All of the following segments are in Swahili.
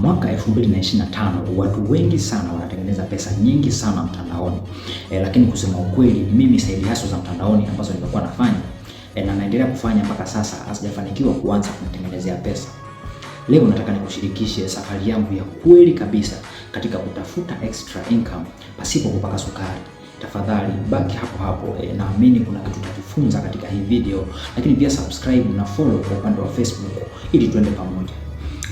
mwaka 2025 watu wengi sana wanatengeneza pesa nyingi sana mtandaoni e, lakini kusema ukweli, mimi side hustles za mtandaoni ambazo nimekuwa nafanya e, na naendelea kufanya mpaka sasa, hazijafanikiwa kuanza kunitengenezea pesa. Leo nataka nikushirikishe safari yangu ya kweli kabisa katika kutafuta extra income pasipo kupaka sukari. Tafadhali baki hapo hapo e, naamini kuna kitu utajifunza katika hii video, lakini pia subscribe na follow kwa upande wa Facebook ili tuende pamoja.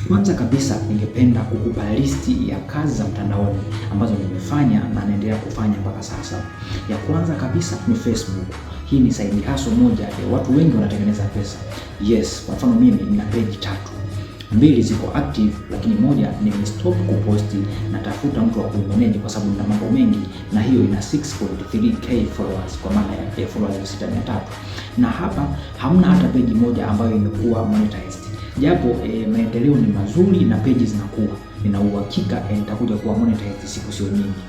Kwanza kabisa ningependa kukupa listi ya kazi za mtandaoni ambazo nimefanya na naendelea kufanya mpaka sasa. Ya kwanza kabisa ni Facebook. Hii ni side hustle moja ya watu wengi wanatengeneza pesa. Yes, kwa mfano mimi nina page tatu, mbili ziko active, lakini moja nimestop kuposti, natafuta mtu wa kuimeneji kwa sababu nina mambo mengi, na hiyo ina 6.3k followers kwa maana ya followers 6300 na hapa hamna hata page moja ambayo imekuwa monetized japo e, maendeleo ni mazuri na peji zinakuwa, nina uhakika e, nitakuja kuwa monetize siku sio nyingi.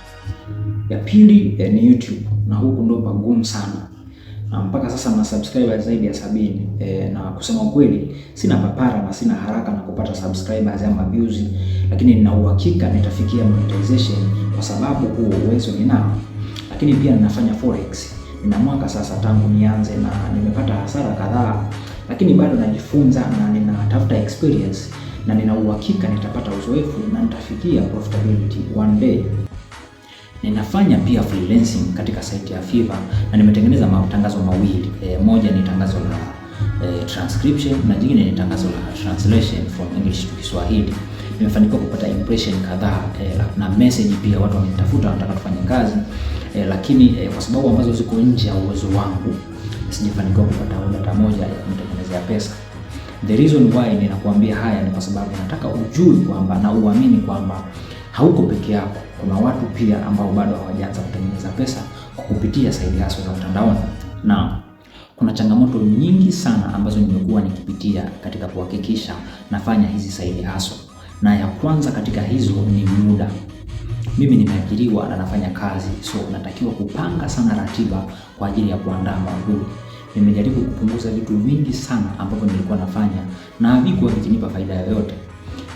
Ya pili e, ni YouTube na huku ndo pagumu sana na mpaka sasa na subscribers zaidi ya sabini e, na kusema ukweli sina papara na sina haraka na kupata subscribers ama views, lakini nina uhakika nitafikia monetization kwa sababu huo uwezo ninao. Lakini pia ninafanya forex, nina mwaka sasa tangu nianze na nimepata hasara kadhaa lakini bado najifunza na ninatafuta experience na nina uhakika nitapata uzoefu na nitafikia profitability one day. Ninafanya pia freelancing katika site ya Fiverr na nimetengeneza matangazo mawili. E, moja ni tangazo la e, transcription na jingine ni tangazo la translation from English to Kiswahili. Nimefanikiwa kupata impression kadhaa e, na message pia, watu wananitafuta wanataka tufanye kazi e, lakini e, kwa sababu ambazo ziko nje ya uwezo wangu sijafanikiwa kupata order hata moja ya pesa. The reason why ninakuambia haya ni kwa sababu nataka ujui kwamba na uamini kwamba hauko peke yako. Kuna watu pia ambao bado hawajaanza kutengeneza pesa kwa kupitia side hustle za mtandaoni. Na kuna changamoto nyingi sana ambazo nimekuwa nikipitia katika kuhakikisha nafanya hizi side hustle, na ya kwanza katika hizo ni muda. Mimi nimeajiriwa na nafanya kazi, so natakiwa kupanga sana ratiba kwa ajili ya kuandaa maudhui nimejaribu kupunguza vitu vingi sana ambavyo nilikuwa nafanya na havikuwa vikinipa faida yoyote.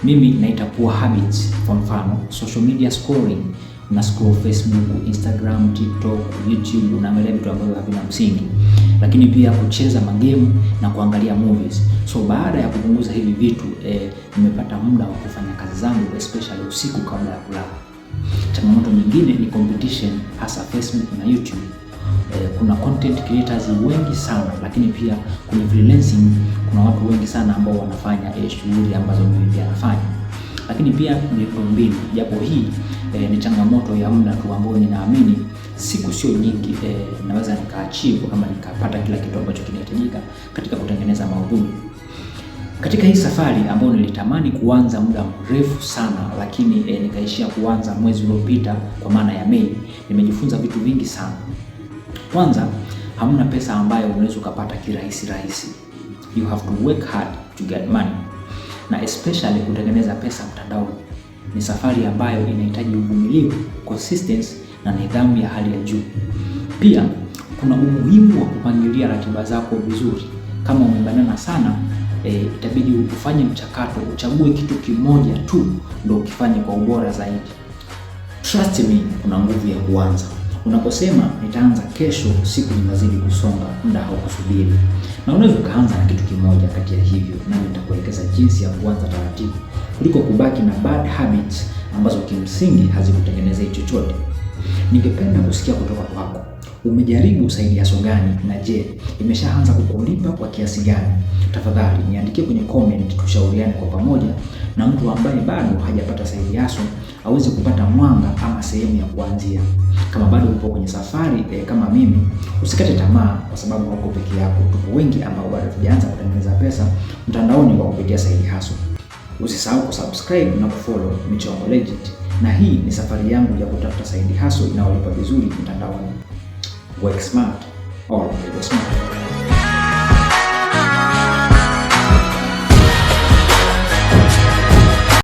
Mimi naita poor habits, kwa mfano social media scrolling na scroll Facebook, Instagram, TikTok, YouTube, na unaangalia vitu ambavyo havina msingi, lakini pia kucheza magemu na kuangalia movies. So baada ya kupunguza hivi vitu eh, nimepata muda wa kufanya kazi zangu especially usiku kabla ya kulala. Changamoto nyingine ni competition, hasa Facebook na YouTube eh, kuna content creators wengi sana, lakini pia kwenye freelancing kuna watu wengi sana ambao wanafanya eh, shughuli ambazo mimi pia nafanya lakini pia miundombinu, japo hii eh, ni changamoto ya muda tu ambayo ninaamini siku sio nyingi eh, naweza nikaachivu kama nikapata kila kitu ambacho kinahitajika katika kutengeneza maudhui. Katika hii safari ambayo nilitamani kuanza muda mrefu sana, lakini eh, nikaishia kuanza mwezi uliopita, kwa maana ya Mei, nimejifunza vitu vingi sana. Kwanza, hamna pesa ambayo unaweza ukapata kirahisi rahisi. You have to work hard to get money, na especially kutengeneza pesa mtandaoni ni safari ambayo inahitaji uvumilivu, consistency na nidhamu ya hali ya juu. Pia kuna umuhimu wa kupangilia ratiba zako vizuri. Kama umebanana sana e, itabidi ufanye mchakato, uchague kitu kimoja tu ndio ukifanye kwa ubora zaidi. Trust me, kuna nguvu ya kuanza. Unaposema nitaanza kesho, siku zinazidi kusonga, muda haukusubiri, na unaweza ukaanza na kitu kimoja kati ya hivyo, nami nitakuelekeza jinsi ya kuanza taratibu kuliko kubaki na bad habits ambazo kimsingi hazikutengenezei chochote. Ningependa kusikia kutoka kwako. Umejaribu haso gani? Na je, imeshaanza kukulipa kwa kiasi gani? Tafadhali niandikie kwenye comment, tushauriane kwa pamoja, na mtu ambaye bado hajapata saidi haso aweze kupata mwanga ama sehemu ya kuanzia. Kama bado upo kwenye safari eh, kama mimi, usikate tamaa, kwa sababu hauko peke yako. Tupo wengi ambao bado tujaanza kutengeneza pesa mtandaoni kwa kupitia saidiazo. Usisahau kusubscribe na kufollow Michongo Legit, na hii ni safari yangu ya kutafuta saidi haso inayolipa vizuri mtandaoni. work smart or labor smart.